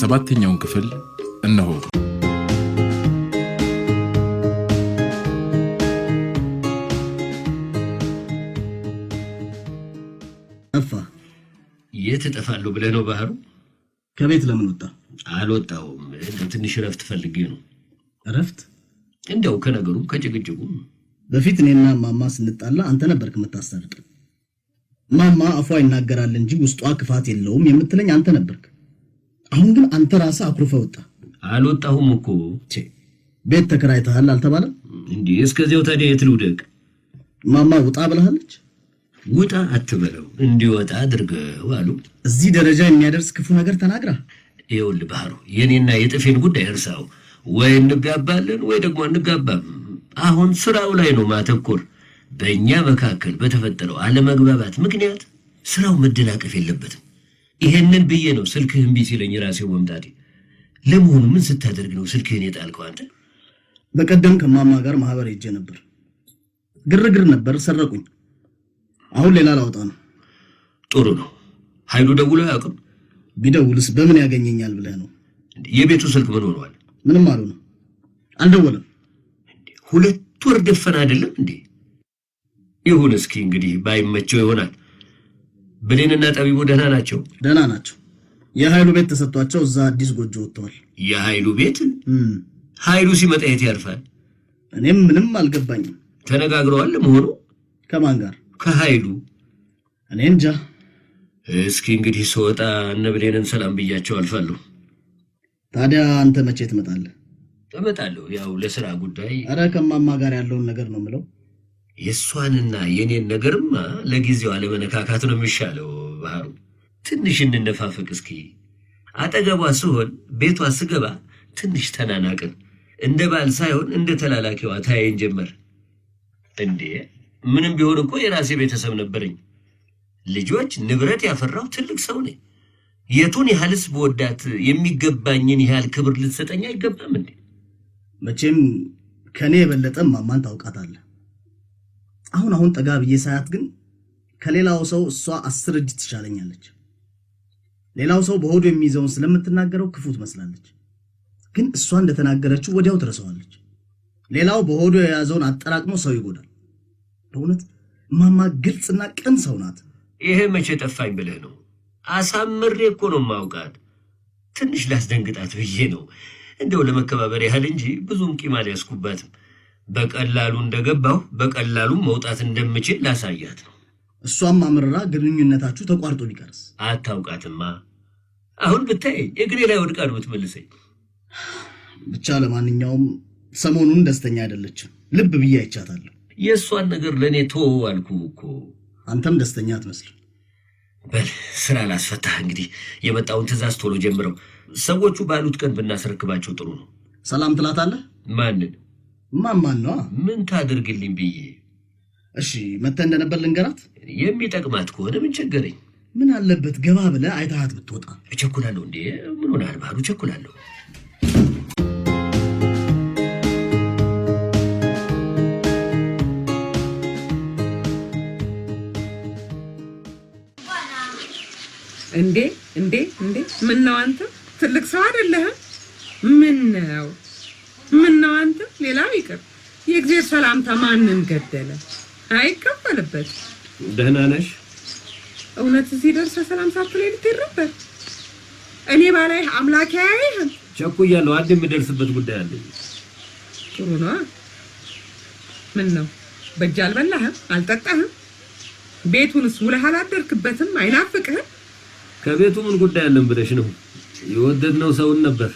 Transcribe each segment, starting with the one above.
17ኛውን ክፍል እነሆ። ጠፋ። የት እጠፋለሁ ብለህ ነው ባህሩ? ከቤት ለምን ወጣ? አልወጣሁም። ትንሽ እረፍት ፈልጌ ነው። እረፍት? እንዲያው ከነገሩ ከጭቅጭቁም በፊት እኔና ማማ ስንጣላ አንተ ነበርክ የምታስታርቅ። ማማ አፏ ይናገራል እንጂ ውስጧ ክፋት የለውም የምትለኝ አንተ ነበርክ። አሁን ግን አንተ ራስህ አኩርፈ ወጣ። አልወጣሁም እኮ ቤት ተከራይተሃል አልተባለም እንዲህ እስከዚያው። ታዲያ የት ልውደቅ? ማማ ውጣ ብለሃለች። ውጣ አትበለው እንዲወጣ አድርገው አሉ። እዚህ ደረጃ የሚያደርስ ክፉ ነገር ተናግራ ይኸውልህ ባህሩ፣ የኔና የጥፌን ጉዳይ እርሳው። ወይ እንጋባለን ወይ ደግሞ እንጋባም። አሁን ስራው ላይ ነው ማተኮር። በእኛ መካከል በተፈጠረው አለመግባባት ምክንያት ስራው መደናቀፍ የለበትም። ይሄንን ብዬ ነው ስልክህ እምቢ ሲለኝ ራሴው መምጣቴ። ለመሆኑ ምን ስታደርግ ነው ስልክህን የጣልከው አንተ? በቀደም ከማማ ጋር ማህበር ሄጄ ነበር። ግርግር ነበር፣ ሰረቁኝ። አሁን ሌላ ላውጣ ነው። ጥሩ ነው። ኃይሉ ደውሎ አያውቅም? ቢደውልስ በምን ያገኘኛል ብለህ ነው? የቤቱ ስልክ ምን ሆኗል? ምንም አሉ ነው አልደወለም። ሁለት ወር ደፈን አይደለም እንዴ? ይሁን እስኪ እንግዲህ ባይመቸው ይሆናል። ብሌንና ጠቢቡ ደህና ናቸው? ደህና ናቸው። የኃይሉ ቤት ተሰጥቷቸው እዛ አዲስ ጎጆ ወጥተዋል። የኃይሉ ቤት ኃይሉ ሲመጣ የት ያርፋል እኔም ምንም አልገባኝም። ተነጋግረዋል መሆኑ? ከማን ጋር? ከኃይሉ። እኔ እንጃ። እስኪ እንግዲህ ስወጣ እነ ብሌንን ሰላም ብያቸው አልፋለሁ። ታዲያ አንተ መቼ ትመጣለህ? እመጣለሁ፣ ያው ለስራ ጉዳይ። ኧረ ከማማ ጋር ያለውን ነገር ነው የምለው የእሷንና የኔን ነገርማ ለጊዜው አለመነካካት ነው የሚሻለው። ባህሩ ትንሽ እንነፋፈቅ እስኪ። አጠገቧ ስሆን ቤቷ ስገባ ትንሽ ተናናቅን። እንደ ባል ሳይሆን እንደ ተላላኪዋ ታያይን ጀመር። እንዴ ምንም ቢሆን እኮ የራሴ ቤተሰብ ነበረኝ፣ ልጆች፣ ንብረት ያፈራው ትልቅ ሰው ነኝ። የቱን ያህልስ በወዳት የሚገባኝን ያህል ክብር ልትሰጠኝ አይገባም እንዴ? መቼም ከእኔ የበለጠም ማማን ታውቃታለህ። አሁን አሁን ጠጋ ብዬ ሳያት ግን ከሌላው ሰው እሷ አስር እጅ ትሻለኛለች። ሌላው ሰው በሆዱ የሚይዘውን ስለምትናገረው ክፉ ትመስላለች፣ ግን እሷ እንደተናገረችው ወዲያው ትረሳዋለች። ሌላው በሆዱ የያዘውን አጠራቅሞ ሰው ይጎዳል። በእውነት እማማ ግልጽና ቅን ሰው ናት። ይሄ መቼ ጠፋኝ ብለህ ነው? አሳምሬ እኮ ነው ማውቃት። ትንሽ ላስደንግጣት ብዬ ነው እንደው ለመከባበር ያህል እንጂ ብዙም ቂም ያስኩበትም። በቀላሉ እንደገባሁ በቀላሉ መውጣት እንደምችል ላሳያት ነው። እሷም አምርራ ግንኙነታችሁ ተቋርጦ ቢቀርስ? አታውቃትማ። አሁን ብታይ እግሬ ላይ ወድቃ ነው የምትመልሰኝ። ብቻ ለማንኛውም ሰሞኑን ደስተኛ አይደለችም። ልብ ብዬ አይቻታለሁ። የእሷን ነገር ለእኔ ቶ አልኩ እኮ አንተም ደስተኛ አትመስልም። በል ስራ ላስፈታህ እንግዲህ። የመጣውን ትእዛዝ ቶሎ ጀምረው። ሰዎቹ ባሉት ቀን ብናስረክባቸው ጥሩ ነው። ሰላም ትላታለህ? ማንን? ማማን ነዋ። ምን ታደርግልኝ ብዬ። እሺ መተህ እንደነበር ልንገራት። የሚጠቅማት ከሆነ ምን ቸገረኝ። ምን አለበት ገባ ብለህ አይተሃት ብትወጣ። እቸኩላለሁ እንዴ? ምን ሆናል ባህሉ? እቸኩላለሁ እንዴ? እንዴ? እንዴ? ነው አንተ ትልቅ ሰው አይደለህም? ምን ነው ምን ነው አንተ፣ ሌላው ይቅር። የእግዜር ሰላምታ ማንን ገደለ? አይቀበልበት። ደህና ነሽ? እውነት እዚህ ደርሰህ ሰላም ሳትለኝ ልትሄድ ነበር? እኔ ባላይ አምላክ ያይህም ቸኩያለሁ። አንድ የምደርስበት ጉዳይ አለኝ። ጥሩ ነው ምን ነው በእጅ አልበላህም? አልጠጣህም? ቤቱንስ ውለህ አላደርክበትም? አይናፍቅህም? ከቤቱ ምን ጉዳይ አለን ብለሽ ነው? የወደድነው ሰውን ነበር።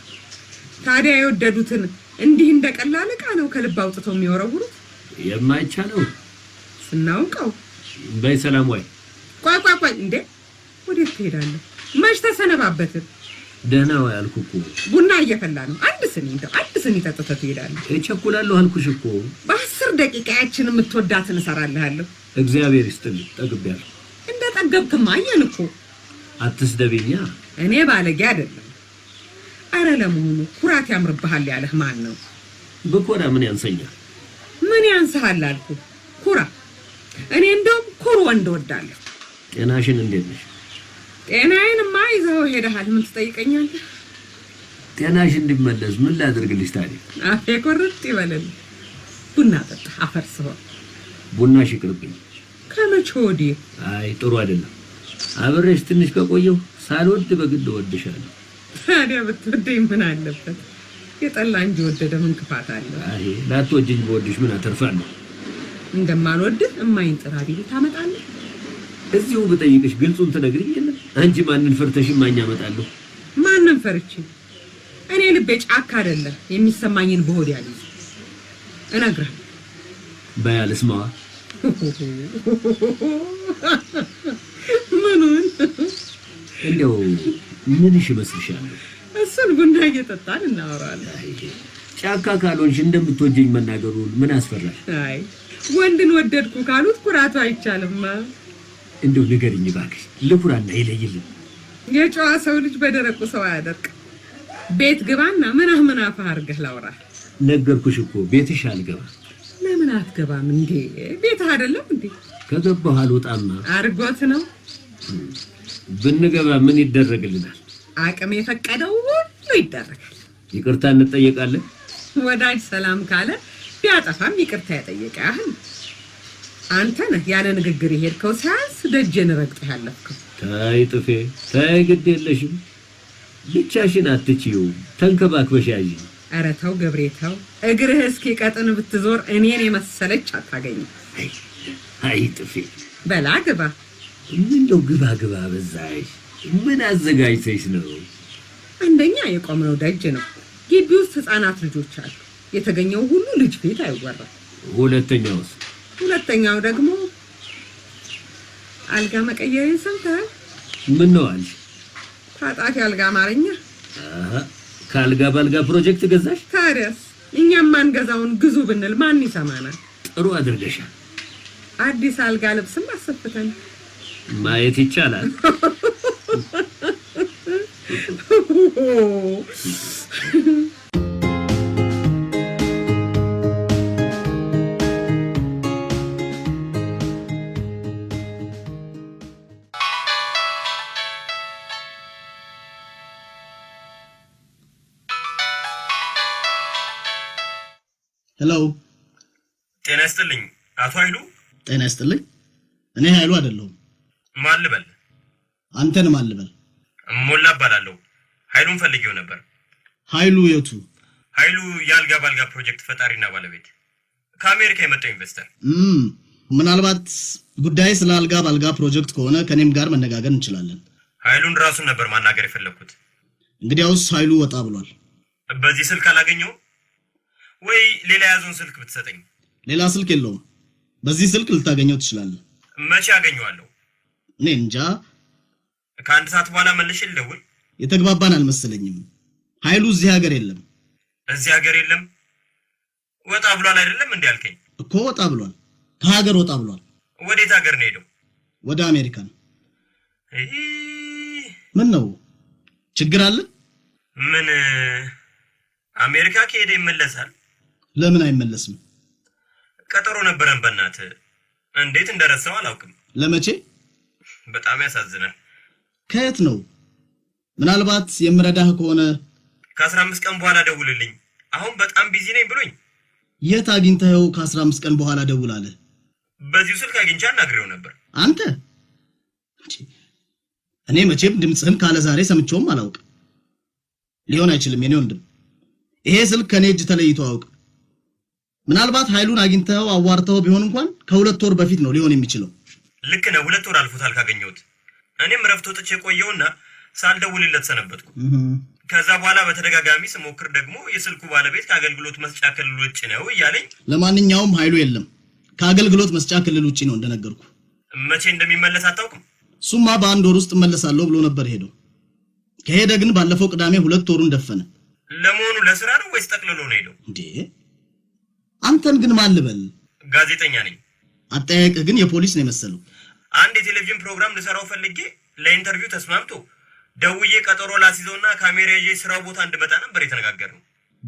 ታዲያ የወደዱትን እንዲህ እንደ ቀላል እቃ ነው ከልብ አውጥተው የሚወረውሩት። የማይቻለው ስናውቀው። በይ ሰላም ወይ። ቆይ ቆይ ቆይ፣ እንዴ ወዴት ትሄዳለህ? መች ተሰነባበትን። ደህና ወይ አልኩ እኮ ቡና እየፈላ ነው። አንድ ስኒ እንደው አንድ ስኒ ጠጥተህ ትሄዳለህ። እቸኩላለሁ አልኩሽ እኮ። በአስር ደቂቃ ያችን የምትወዳትን እሰራልሃለሁ። እግዚአብሔር ይስጥልኝ፣ ጠግቤያለሁ። እንደ ጠገብክማ አየን እኮ። አትስደብኛ። እኔ ባለጌ አይደለም አረ ለመሆኑ ኩራት ያምርብሃል ያለህ ማን ነው? በኮራ ምን ያንሰኛል? ምን ያንስሃል አልኩ። ኩራ እኔ እንደውም ኩሩ ወንድ ወዳለሁ? ጤናሽን እንዴት ነሽ? ጤናዬንማ ይዘኸው ሄደሃል። ምን ትጠይቀኛለህ? ጤናሽ እንዲመለስ ምን ላድርግልሽ ታዲያ? አፌ ቆርጥ ይበለል። ቡና ጠጣ አፈር ስሆን ቡናሽ ይቅርብኝ። ከመቼ ወዲህ? አይ ጥሩ አይደለም። አብሬሽ ትንሽ ከቆየሁ ሳልወድ በግድ እወድሻለሁ። ታዲያ ብትወደኝ ምን አለበት? የጠላ እንጂ ወደደ ምን ክፋት አለ? አይ ላትወጂኝ በወድሽ ምን አተርፋለሁ? እንደማልወድህ እማይን ጥራ ቢልህ ታመጣለህ። እዚሁ ብጠይቅሽ ግልጹን ትነግሪኝ የለ አንቺ ማንን ፈርተሽ ማኝ አመጣለሁ? ማንን ፈርቼ? እኔ ልቤ ጫካ አይደለም የሚሰማኝን በሆድ ያለ እነግርሃለሁ። በያልስማዋ ምኑን እንደው ምንሽ ይመስልሻል? እሱን ቡና እየጠጣን እናወራለን። ጫካ ካልሆንሽ እንደምትወጀኝ መናገሩን ምን አስፈራሽ? አይ ወንድን ወደድኩ ካሉት ኩራቱ አይቻልማ። እንደው ንገሪኝ እባክሽ ለኩራና ይለይልን። የጨዋ ሰው ልጅ በደረቁ ሰው አያደርቅ። ቤት ግባና ምናህ ምናፍህ አድርገህ ላውራ። ነገርኩሽ እኮ ቤትሽ አልገባ። ለምን አትገባም እንዴ? ቤትህ አይደለም እንዴ? ከገባሁ አልወጣማ። አርጎት ነው ብንገባ ምን ይደረግልናል? አቅም የፈቀደው ሁሉ ይደረጋል። ይቅርታ እንጠየቃለን። ወዳጅ ሰላም ካለ ቢያጠፋም ይቅርታ የጠየቀ ያህል አንተ ነህ ያለ ንግግር የሄድከው ሳያንስ ደጀን ረግጠህ ያለፍከው። ተይ ጥፌ ተይ፣ ግድ የለሽም ብቻሽን አትችይው፣ ተንከባክበሽ ያዥ። ኧረ ተው ገብሬ ተው፣ እግርህ እስኪ ቀጥን ብትዞር እኔን የመሰለች አታገኝም። አይ ጥፌ በላ ግባ እንደው ግባ ግባ በዛሽ። ምን አዘጋጅተሽ ነው? አንደኛ የቆምነው ደጅ ነው። ግቢ ውስጥ ህፃናት ልጆች አሉ። የተገኘው ሁሉ ልጅ ቤት አይወራም። ሁለተኛውስ? ሁለተኛው ደግሞ አልጋ መቀየሬን ሰምተሃል? ምን ነው አልሽ? ታጣፊ አልጋ አማርኛ። አሃ ከአልጋ በአልጋ ፕሮጀክት ገዛሽ? ታዲያስ እኛም ማንገዛውን ግዙ ብንል ማን ይሰማናል? ጥሩ አድርገሻል። አዲስ አልጋ ልብስም አሰፍተን ማየት ይቻላል። ሄሎ፣ ጤና ይስጥልኝ አቶ ኃይሉ። ጤና ይስጥልኝ። እኔ ኃይሉ አይደለሁም። ማን ልበል? አንተን ማን ልበል? ሞላ እባላለሁ። ኃይሉን ፈልጌው ነበር። ኃይሉ የቱ ኃይሉ? የአልጋ ባልጋ ፕሮጀክት ፈጣሪና ባለቤት ከአሜሪካ የመጣው ኢንቨስተር። ምናልባት ጉዳይ ስለ አልጋ ባልጋ ፕሮጀክት ከሆነ ከኔም ጋር መነጋገር እንችላለን። ኃይሉን ራሱን ነበር ማናገር የፈለግኩት። እንግዲያውስ ኃይሉ ወጣ ብሏል። በዚህ ስልክ አላገኘው ወይ? ሌላ የያዘውን ስልክ ብትሰጠኝ። ሌላ ስልክ የለውም። በዚህ ስልክ ልታገኘው ትችላለህ። መቼ አገኘዋለሁ? እኔ እንጃ። ከአንድ ሰዓት በኋላ መልሽ ልደውል። የተግባባን አልመሰለኝም። ኃይሉ እዚህ ሀገር የለም። እዚህ ሀገር የለም ወጣ ብሏል። አይደለም እንዲ ያልከኝ እኮ ወጣ ብሏል፣ ከሀገር ወጣ ብሏል። ወዴት ሀገር ነው ሄደው? ወደ አሜሪካን። ምን ነው ችግር አለ? ምን አሜሪካ ከሄደ ይመለሳል? ለምን አይመለስም? ቀጠሮ ነበረን። በእናት እንዴት እንደረሳው አላውቅም። ለመቼ በጣም ያሳዝናል። ከየት ነው? ምናልባት የምረዳህ ከሆነ ከአስራ አምስት ቀን በኋላ ደውልልኝ፣ አሁን በጣም ቢዚ ነኝ ብሎኝ። የት አግኝተኸው ከአስራ አምስት ቀን በኋላ ደውል አለ? በዚሁ ስልክ አግኝቼ አናግሬው ነበር። አንተ እኔ መቼም ድምፅህን ካለ ዛሬ ሰምቼውም አላውቅ ሊሆን አይችልም የኔ ወንድም፣ ይሄ ስልክ ከእኔ እጅ ተለይቶ አውቅ። ምናልባት ኃይሉን አግኝተኸው አዋርተኸው ቢሆን እንኳን ከሁለት ወር በፊት ነው ሊሆን የሚችለው። ልክ ነህ። ሁለት ወር አልፎታል ካገኘሁት። እኔም እረፍት ወጥቼ ቆየውና ሳልደውልለት ሰነበትኩ። ከዛ በኋላ በተደጋጋሚ ስሞክር ደግሞ የስልኩ ባለቤት ከአገልግሎት መስጫ ክልል ውጭ ነው እያለኝ። ለማንኛውም ኃይሉ የለም ከአገልግሎት መስጫ ክልል ውጭ ነው እንደነገርኩ። መቼ እንደሚመለስ አታውቅም? እሱማ በአንድ ወር ውስጥ እመለሳለሁ ብሎ ነበር ሄደው። ከሄደ ግን ባለፈው ቅዳሜ ሁለት ወሩን ደፈነ። ለመሆኑ ለስራ ነው ወይስ ጠቅልሎ ነው ሄደው? እንዴ አንተን ግን ማልበል ጋዜጠኛ ነኝ። አጠያየቅህ ግን የፖሊስ ነው የመሰለው። አንድ የቴሌቪዥን ፕሮግራም ልሰራው ፈልጌ ለኢንተርቪው ተስማምቶ ደውዬ ቀጠሮ ላስይዘውና ካሜራ ይዤ ስራው ቦታ እንድመጣ ነበር የተነጋገርነው።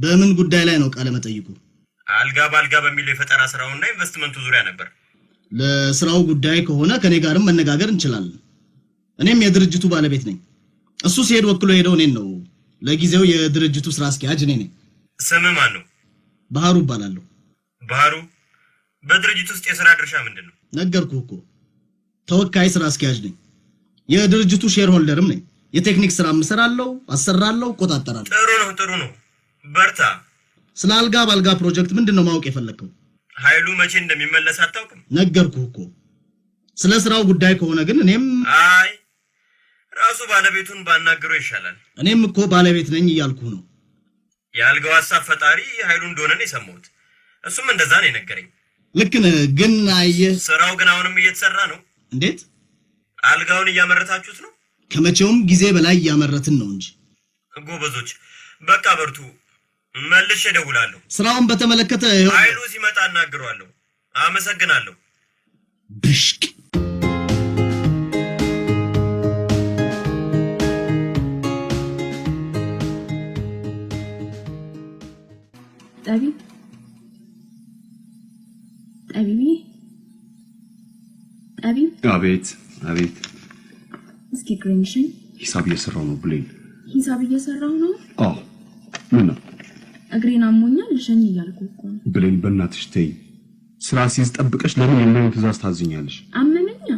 በምን ጉዳይ ላይ ነው ቃለ መጠይቁ? አልጋ በአልጋ በሚለው የፈጠራ ስራውና ኢንቨስትመንቱ ዙሪያ ነበር። ለስራው ጉዳይ ከሆነ ከእኔ ጋርም መነጋገር እንችላለን። እኔም የድርጅቱ ባለቤት ነኝ። እሱ ሲሄድ ወክሎ ሄደው እኔን ነው። ለጊዜው የድርጅቱ ስራ አስኪያጅ እኔ ነኝ። ስም ማን ነው? ባህሩ እባላለሁ። ባህሩ፣ በድርጅት ውስጥ የስራ ድርሻ ምንድን ነው? ነገርኩህ እኮ ተወካይ ስራ አስኪያጅ ነኝ። የድርጅቱ ሼር ሆልደርም ነኝ። የቴክኒክ ስራ እምሰራለሁ፣ አሰራለሁ፣ እቆጣጠራለሁ። ጥሩ ነው፣ ጥሩ ነው። በርታ። ስለ አልጋ በአልጋ ፕሮጀክት ምንድን ነው ማወቅ የፈለግከው? ኃይሉ መቼ እንደሚመለስ አታውቅም? ነገርኩህ እኮ። ስለ ስራው ጉዳይ ከሆነ ግን እኔም አይ ራሱ ባለቤቱን ባናገረው ይሻላል። እኔም እኮ ባለቤት ነኝ እያልኩህ ነው። የአልጋው ሀሳብ ፈጣሪ ኃይሉ እንደሆነ ነው የሰማሁት። እሱም እንደዛ ነው የነገረኝ። ልክ ነህ። ግን አየህ፣ ስራው ግን አሁንም እየተሰራ ነው። እንዴት አልጋውን እያመረታችሁት ነው? ከመቼውም ጊዜ በላይ እያመረትን ነው እንጂ ጎበዞች። በቃ በርቱ። መልሼ እደውላለሁ። ስራውን በተመለከተ ኃይሉ ሲመጣ እናግረዋለሁ። አመሰግናለሁ። ብሽቅ ጠቢ ጠቢ አቤት አቤት አቤት። እስኪ ግሬንሽን ሂሳብ እየሰራው ነው ብሌን። ሂሳብ እየሰራው ነው? አዎ። ምን ነው እግሬን አሞኛል ልሸኝ እያልኩ እኮ ነው። ብሌን በእናትሽ ተይ። ስራ ሲይዝ ጠብቀሽ ለምን የማይሆን ትእዛዝ ታዝኛለሽ? አመመኛ።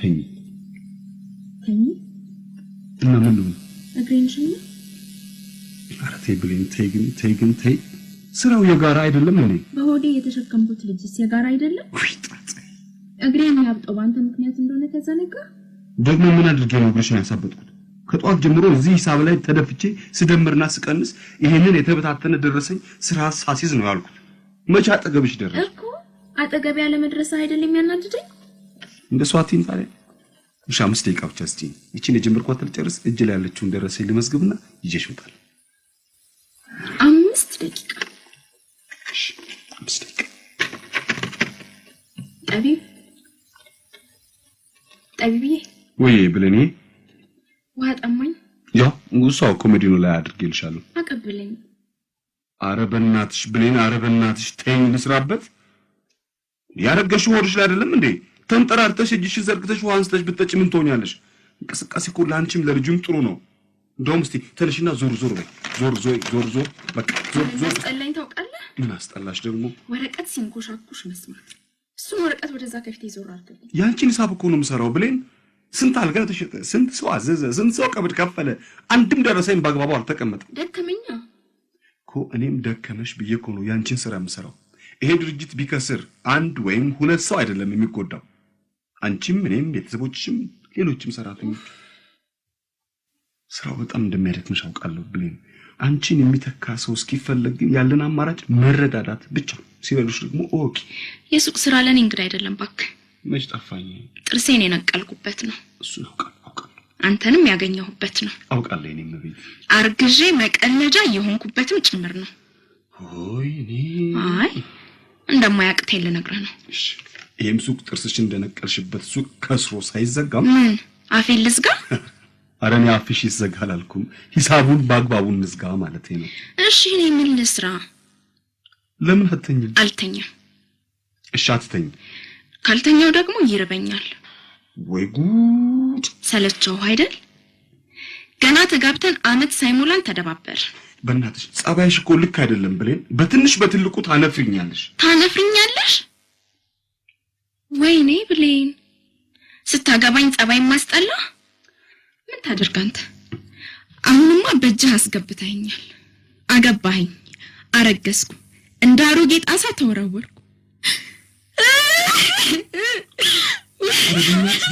ተኝ ተኝ። እና ምን ነው እግሬን ሸኝ። ኧረ ተይ ብሌን ተይ፣ ግን ተይ፣ ግን ተይ። ስራው የጋራ አይደለም እንዴ? በሆዴ የተሸከምኩት ልጅስ የጋራ አይደለም? እግሬ የሚያብጠው በአንተ ምክንያት እንደሆነ ተዘነጋ። ደግሞ ምን አድርጌ ነው እግርሽን ያሳበጥኩት? ከጠዋት ጀምሮ እዚህ ሂሳብ ላይ ተደፍቼ ስደምርና ስቀንስ ይሄንን የተበታተነ ደረሰኝ ስራ ሳሲዝ ነው ያልኩት። መቼ አጠገብሽ ደረሰ እኮ አጠገብ ያለ መድረስ አይደል የሚያናድደኝ። እንደ ሷቲን ታዲያ እሺ፣ አምስት ደቂቃ ብቻ እስቲ ይቺን የጀመርኳት ልጨርስ፣ እጅ ላይ ያለችውን ደረሰኝ ልመዝግብና ይዤሽ እመጣለሁ። አምስት ደቂቃ እሺ፣ አምስት ደቂቃ ልጠቢ ብዬ ወይ ብለኔ ውሃ ጠማኝ። ያው እሷ ኮሜዲ ነው ላይ አድርጌልሻለሁ። አቀብለኝ። አረ በእናትሽ ብሌን፣ አረ በእናትሽ ተይኝ ልስራበት። ያረገሽ ሆድሽ ላይ አይደለም እንዴ? ተንጠራርተሽ እጅሽን ዘርግተሽ ውሃ አንስተሽ ብትጠጪ ምን ትሆኛለሽ? እንቅስቃሴ እኮ ለአንቺም ለልጁም ጥሩ ነው። እንደውም እስቲ ተነሽና ዞር ዞር በይ። ዞር ዞር ዞር ዞር በቃ ዞር ዞር። አስጠላኝ ታውቃለህ። ምን አስጠላሽ ደግሞ? ወረቀት ሲንኮሻኩሽ መስማት እሱን ወረቀት ወደዛ ከፊት ይዞር አድርገው ያንቺን ሂሳብ እኮ ነው የምሰራው ብሌን ስንት አልጋ ተሸጠ፣ ስንት ሰው አዘዘ፣ ስንት ሰው ቀብድ ከፈለ። አንድም ደረሰኝ በአግባቡ አልተቀመጠም። ደከመኛ እኮ እኔም ደከመሽ ብዬ እኮ ነው ያንቺን ስራ የምሰራው። ይሄ ድርጅት ቢከስር አንድ ወይም ሁለት ሰው አይደለም የሚጎዳው፣ አንቺም፣ እኔም፣ ቤተሰቦችም፣ ሌሎችም ሰራተኞች። ስራው በጣም እንደሚያደክምሽ አውቃለሁ ብሌን አንቺን የሚተካ ሰው እስኪፈለግ ግን ያለን አማራጭ መረዳዳት ብቻ። ሲበሉሽ ደግሞ እወቂ፣ የሱቅ ስራ ለኔ እንግዳ አይደለም። ባክ መች ጠፋኝ። ጥርሴን የነቀልኩበት ነው። እሱ ያውቃል። አንተንም ያገኘሁበት ነው። አውቃለሁ። እኔም ቤት አርግዤ መቀለጃ የሆንኩበትም ጭምር ነው። ሆይ እኔ አይ እንደማያቅተኝ ልነግርህ ነው። ይህም ሱቅ ጥርስሽ እንደነቀልሽበት ሱቅ ከስሮ ሳይዘጋም ምን አፌን ልዝጋ? አረኔ አፍሽ ይዘጋል አልኩም። ሂሳቡን በአግባቡን እንዝጋ ማለት ነው። እሺ እኔ ምን ልስራ? ለምን አትተኝም? አልተኛም። እሺ አትተኝ። ካልተኛው ደግሞ ይርበኛል። ወይ ጉድ! ሰለቸው አይደል? ገና ተጋብተን አመት ሳይሞላን ተደባበር። በእናትሽ ጸባይሽ እኮ ልክ አይደለም ብለን በትንሽ በትልቁ ታነፍርኛለሽ። ታነፍርኛለሽ? ወይኔ ብሌን ስታገባኝ ጸባይ ማስጠላ ምን ታደርግ አንተ? አሁንማ በእጅህ አስገብተኸኛል። አገባኸኝ፣ አረገዝኩ፣ እንደ አሮጌ ጣሳ ተወረወርኩ።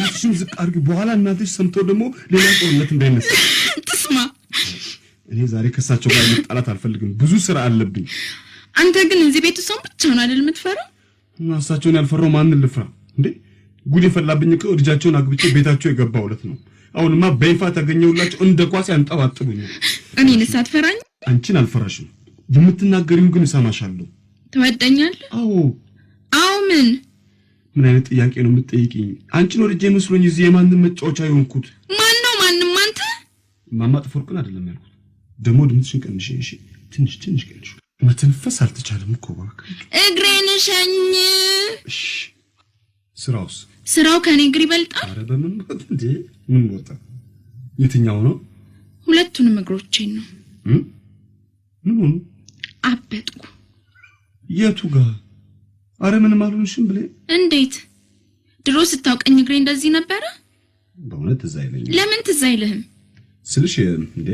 ቤትሽን ዝቅ አድርጊ፣ በኋላ እናትሽ ሰምቶ ደግሞ ሌላ ጦርነት እንዳይነሳ ትስማ። እኔ ዛሬ ከእሳቸው ጋር መጣላት አልፈልግም፣ ብዙ ስራ አለብኝ። አንተ ግን እዚህ ቤት ሰው ብቻውን አይደል የምትፈራው? እሳቸውን ያልፈራው ማንን ልፍራ እንዴ? ጉድ የፈላብኝ እኮ ልጃቸውን አግብቼ ቤታቸው የገባሁለት ነው። አሁንማ በይፋ ታገኘውላቸው እንደ ኳስ ያንጠባጥቡኝ። እኔን ሳትፈራኝ? አንቺን አልፈራሽም። የምትናገሪው ግን እሰማሻለሁ። ትወደኛለህ? አዎ። አዎ። ምን ምን አይነት ጥያቄ ነው የምትጠይቂኝ? አንቺን ወድጄ መስሎኝ እዚህ የማንም መጫወቻ የሆንኩት ማን ነው? ማንም አንተ ማማ ጥፎርቅን አይደለም ያልኩት። ደግሞ ድምፅሽን ቀንሽ። እሺ፣ ትንሽ ትንሽ ቀንሽ። መተንፈስ አልተቻለም እኮ እባክህ። እግሬን ሸኝ። እሺ፣ ስራውስ ስራው ከኔ እግር ይበልጣል። አረ በምን ማለት እንዴ? ምን ወጣ? የትኛው ነው? ሁለቱንም እግሮቼን ነው። ምን ሆኑ? አበጥኩ። የቱ ጋር? አረ ምንም አልሆንሽም ብለ እንዴት? ድሮ ስታውቀኝ እግሬ እንደዚህ ነበረ? በእውነት ትዝ አይለኝም። ለምን ትዝ አይልህም ስልሽ እንዴ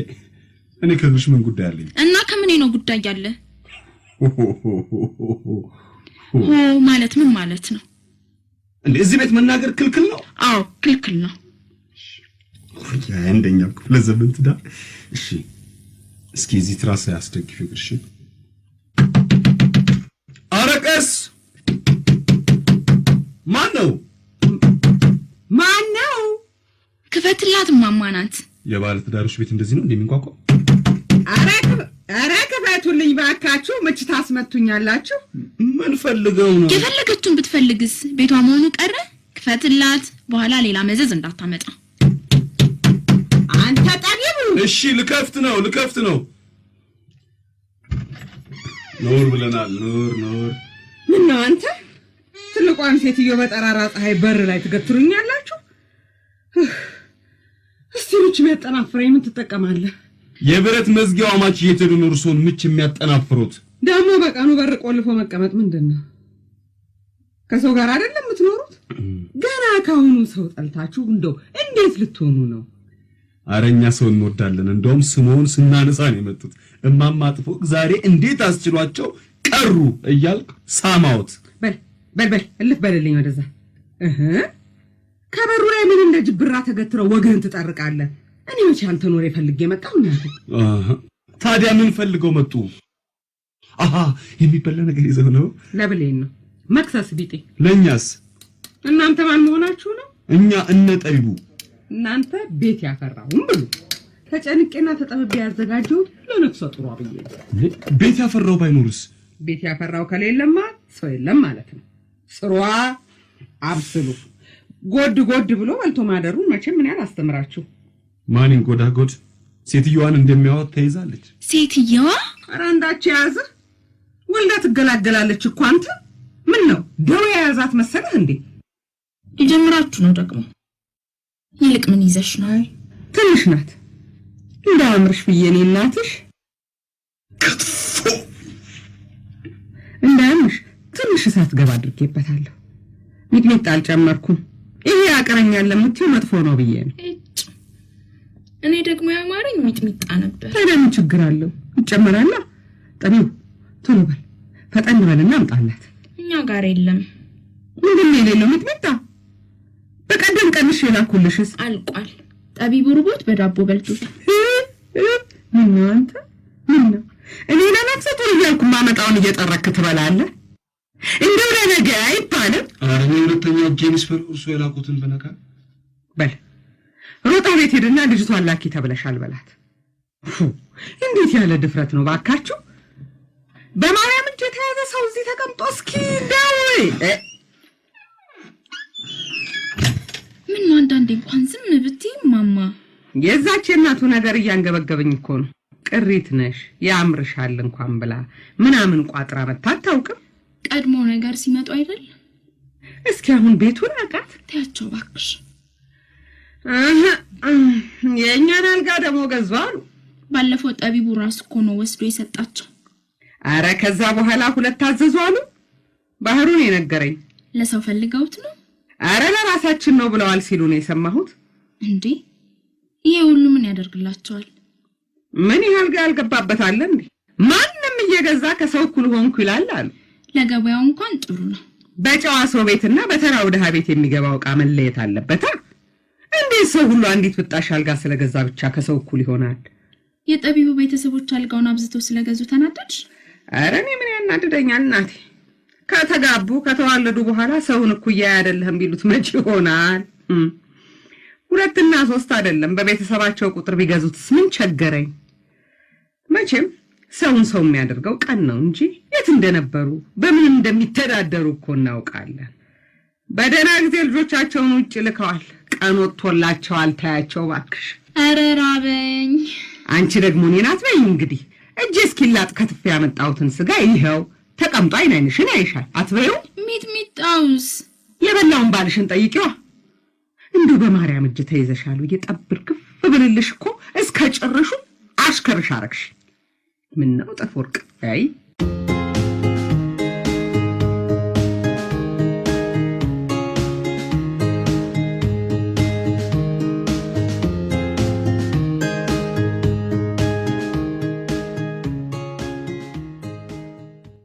እኔ ከእግርሽ ምን ጉዳይ አለኝ? እና ከምኔ ነው ጉዳይ ያለ? ሆ ማለት ምን ማለት ነው? እዚህ ቤት መናገር ክልክል ነው? አዎ ክልክል ነው። አንደኛ ክፍለ ዘመን ትዳር። እሺ እስኪ እዚህ ትራስ ያስደግፍ እግርሽ። እሺ አረቀስ ማን ነው ማን ነው? ክፈትላት። ማማናት የባለ ትዳሮች ቤት እንደዚህ ነው እንደሚንቋቋ ፍቱልኝ ባካችሁ። መች ታስመቱኛላችሁ? ምን ፈልገው ነው? የፈለገችውን ብትፈልግስ ቤቷ መሆኑ ቀረ። ክፈትላት፣ በኋላ ሌላ መዘዝ እንዳታመጣ። አንተ ጠቢቡ። እሺ ልከፍት ነው ልከፍት ነው። ኖር ብለናል። ኖር ኖር። ምን ነው አንተ ትልቋን ሴትዮ በጠራራ ፀሐይ በር ላይ ትገትሩኛላችሁ? እስቲ ልጅ የሚያጠናፍረኝ ምን ትጠቀማለህ? የብረት መዝጊያው ማች እየተዱ ነው እርሶን ምች የሚያጠናፍሩት። ደግሞ በቀኑ በር ቆልፎ መቀመጥ ምንድን ነው? ከሰው ጋር አይደለም የምትኖሩት? ገና ካሁኑ ሰው ጠልታችሁ እንደው እንዴት ልትሆኑ ነው? አረኛ ሰው እንወዳለን። እንደውም ስሙን ስናነሳ ነው የመጡት። እማማ ጥፎቅ ዛሬ እንዴት አስችሏቸው ቀሩ እያልክ ሳማዎት። በል በል በል እልፍ በልልኝ ወደዛ። እህ ከበሩ ላይ ምን እንደ ጅብራ ተገትረው ወገን ትጠርቃለህ? እኔ መቼ አንተን ወሬ ፈልጌ መጣሁ? እናቴ ታዲያ ምን ፈልገው መጡ? አሀ የሚበላ ነገር ይዘው ነው። ለብሌን ነው መክሰስ ቢጤ። ለእኛስ? እናንተ ማን መሆናችሁ ነው? እኛ እነ ጠቢቡ። እናንተ ቤት ያፈራውን ብሉ። ተጨንቄና ተጠብቤ ያዘጋጀው ለነፍሰ ጥሩ ብዬ። ቤት ያፈራው ባይኖርስ? ቤት ያፈራው ከሌለማ ሰው የለም ማለት ነው። ጽሯ አብስሉ። ጎድ ጎድ ብሎ በልቶ ማደሩን መቼም ምን ያህል አስተምራችሁ ማን ጎድ ሴትየዋን እንደሚያወጥ ተይዛለች። ሴትየዋ ኧረ እንዳቸው የያዘ ወልዳ ትገላገላለች እኮ። አንተ ምን ነው ደዌ የያዛት መሰለህ እንዴ? ይጀምራችሁ ነው ደግሞ። ይልቅ ምን ይዘሽ ነው? ትንሽ ናት እንዳያምርሽ ብዬ እኔ እናትሽ እንዳያምርሽ ትንሽ እሳት ገባ አድርጌበታለሁ። ሚጥሚጣ አልጨመርኩም። ይሄ አቅረኛ ለምትይው መጥፎ ነው ብዬ ነው። እኔ ደግሞ ያማረኝ ሚጥሚጣ ነበር። ታዲያ ምን ችግር አለው? ይጨመራላ። ጠቢው ቶሎ በል ፈጠን በልና አምጣላት። እኛ ጋር የለም። ምንድን ነው የሌለው? ሚጥሚጣ በቀደም ቀንሽ የላኩልሽስ አልቋል። ጠቢቡ ርቦት በዳቦ በልቶታል። ምን ነው አንተ? ምን ነው እኔ ለመክሰቱ እያልኩ ማመጣውን እየጠረክ ትበላለህ። እንደው ለነገ አይባልም። አረ ሁለተኛ እጄንስ በሉ እርሱ የላኩትን ብነካ በል ሮጣ ቤት ሄድና ልጅቷን ላኪ ተብለሻል በላት። እንዴት ያለ ድፍረት ነው ባካችሁ! በማርያም እጅ የተያዘ ሰው እዚህ ተቀምጦ እስኪ ደውይ። ምን ነው አንዳንዴ እንኳን ዝም ብትይ ማማ። የዛች የእናቱ ነገር እያንገበገበኝ እኮ ነው። ቅሪት ነሽ ያምርሻል እንኳን ብላ ምናምን ቋጥራ መታ አታውቅም። ቀድሞ ነገር ሲመጡ አይደል? እስኪ አሁን ቤቱን አውቃት። ተያቸው እባክሽ። የእኛን አልጋ ደግሞ ገዛ አሉ። ባለፈው ጠቢቡ ራስ እኮ ነው ወስዶ የሰጣቸው። አረ ከዛ በኋላ ሁለት አዘዙ አሉ። ባህሩን የነገረኝ ለሰው ፈልገውት ነው? አረ ለራሳችን ነው ብለዋል ሲሉ ነው የሰማሁት። እንዴ ይሄ ሁሉ ምን ያደርግላቸዋል? ምን ያህል ጋር ያልገባበታል እንዴ? ማንም እየገዛ ከሰው እኩል ሆንኩ ይላል አሉ። ለገበያው እንኳን ጥሩ ነው። በጨዋ ሰው ቤትና በተራው ድሃ ቤት የሚገባው እቃ መለየት አለበታ። እንዴ ሰው ሁሉ አንዲት ብጣሽ አልጋ ስለገዛ ብቻ ከሰው እኩል ይሆናል? የጠቢቡ ቤተሰቦች አልጋውን አብዝተው ስለገዙ ተናደድሽ? ኧረ እኔ ምን ያናድደኛል እናቴ። ከተጋቡ ከተዋለዱ በኋላ ሰውን እኩያ አይደለህም ቢሉት መቼ ይሆናል? ሁለትና ሶስት አይደለም በቤተሰባቸው ቁጥር ቢገዙትስ ምን ቸገረኝ? መቼም ሰውን ሰው የሚያደርገው ቀን ነው እንጂ የት እንደነበሩ በምን እንደሚተዳደሩ እኮ እናውቃለን። በደህና ጊዜ ልጆቻቸውን ውጭ ልከዋል። ቀን ወጥቶላቸዋል። ታያቸው እባክሽ። ኧረ ራበኝ። አንቺ ደግሞ እኔን አትበይኝ። እንግዲህ እጄ እስኪላጥ ከትፌ ያመጣሁትን ስጋ ይኸው ተቀምጦ አይን አይንሽን ያይሻል። አትበዩ። ሚጥሚጣውስ የበላውን ባልሽን ጠይቂዋ። እንዲሁ በማርያም እጅ ተይዘሻሉ። እየጠብር ክፍ ብልልሽ እኮ እስከ ጭርሹ አሽከርሽ አረግሽ። ምነው ጠፍ ወርቅ አይ